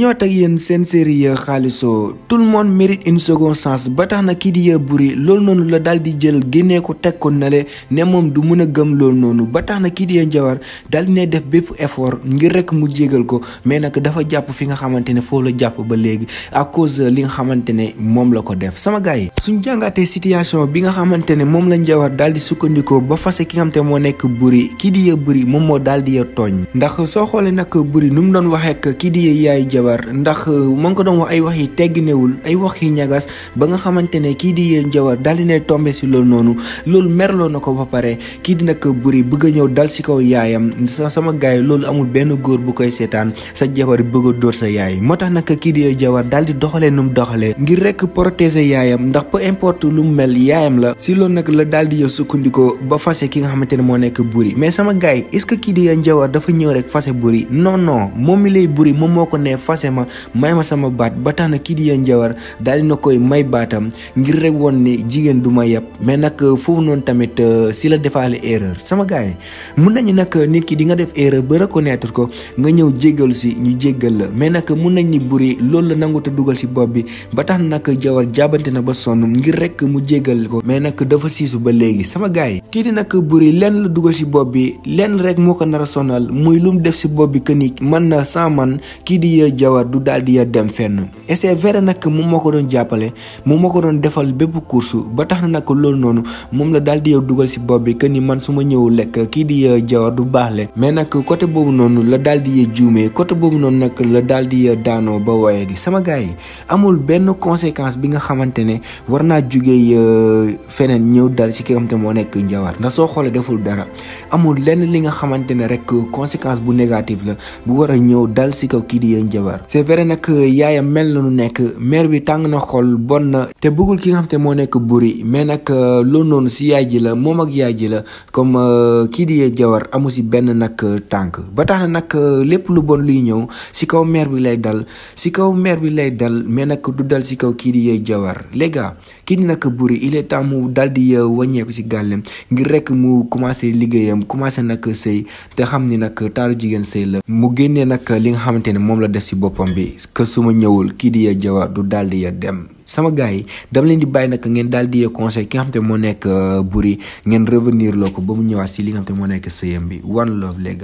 ñoo tak yeen seen série ya xaaliso tout le monde mérite une seconde chance ba tax na ki di ya buri loolu la dal di jël génnee ko tek ko nale né mom du mëna gëm nonu ba tax na ki di ya njawar daal def bép effort ngir rek mu jégal ko mais nak dafa japp fi nga xamantene fo la japp ba légui à cause li nga xamantene mom la ko def sama gaay suñ jangaté situation bi nga xamantene mom la jawar dal di sukkandiko ba fassé ki nga xamantene mo buri ki di ya buri moom moo daal di ya togn ndax so xolé nak buri num doon waxé ki di ya yaay jawar doywaar ndax euh, mo ngi doon wax ay wax yi tegginewul ay wax yi ñagas ba nga xamantene ne di yeen jawar daal di ne tombé si loolu noonu ba pare ki di nak buri bëgg ñew dal ci kaw yaayam sama gaay lool amul benn goor bu koy sétan sa jabar bëgg door sa yaay motax nak ki di jawar dal di doxale num doxale ngir rek protéger yaayam ndax peu importe lu mel yaayam la ci lool nak la dal di yow sukkandikoo ba ki nga xamantene mo nek buri mais sama gaay est ce que kii di yeen jawar dafa ñew rek fase buri non non momi lay buri mom moko ne commencé sama baat ba tax na kii di yéen njawar daal dina koy may baatam ngir rek woon ne jigéen du ma yeb mais nag euh, foofu noonu tamit euh, si la defaale erreur sama gars yi mun nañu nag euh, nit ki di nga def erreur ba reconnaître ko nga ñëw jéggalu si ñu jéggal la mais nag mun nañ ni buri loolu la nangu te dugal si bopp bi ba tax na nag jawar jàbbante na ba sonn ngir rek mu jéggal ko mais nag dafa siisu ba léegi sama gars yi kii di nag buri lenn la dugal si bopp bi lenn rek moo ko nar a sonal muy lu mu def si bopp bi que ni man na sans man kii di jawar du dal di dem fenn et c'est vrai nak mu moko don jappalé mu moko don defal bépp course ba tax nak lool non mom la dal di yow dugal si bobbi ke ni man suma ñew lek ki di euh, jawar du baxlé le mais nak côté bobu non la dal di euh, juumee côté bobu non nak la dal di euh, daano ba di sama gaay amul ben conséquence bi nga xamantene ne war fenen ñew dal si kërëm nga mo nek nekk njawar so xolé deful dara amul lenn li nga xamantene rek conséquence bu négative la bu wara ñew dal ci kaw ki di feebar c'est vrai nag yaayam mel na nu nekk mère bi tàng na xol bon na te bëggul ki nga xam te moo nekk buri mais nag euh, loolu noonu si yaay ji la moom ak yaay ji la comme euh, kii di jawar amu si benn nag euh, tànk ba tax na nag lépp lu bon luy ñëw si kaw mère bi lay dal si kaw mère bi lay dal mais nag du dal si kaw kii di jawar les kii di nag buri il est temps mu dal di wàññeeku si gàllem ngir rek mu commencé liggéeyam commencé nag sëy te xam ni nag taaru jigéen sëy la mu génnee nag li nga xamante ne moom la def si boppam bi que suma ñëwul kii di ya jawa du daal di dem sama gars yi dama leen di bàyyi nag ngeen daal di yee conseil ki nga xam te moo nekk euh, Boury ngeen revenir loo ko ba mu ñëwaat si li nga xam moo nekk sëyam bi one love les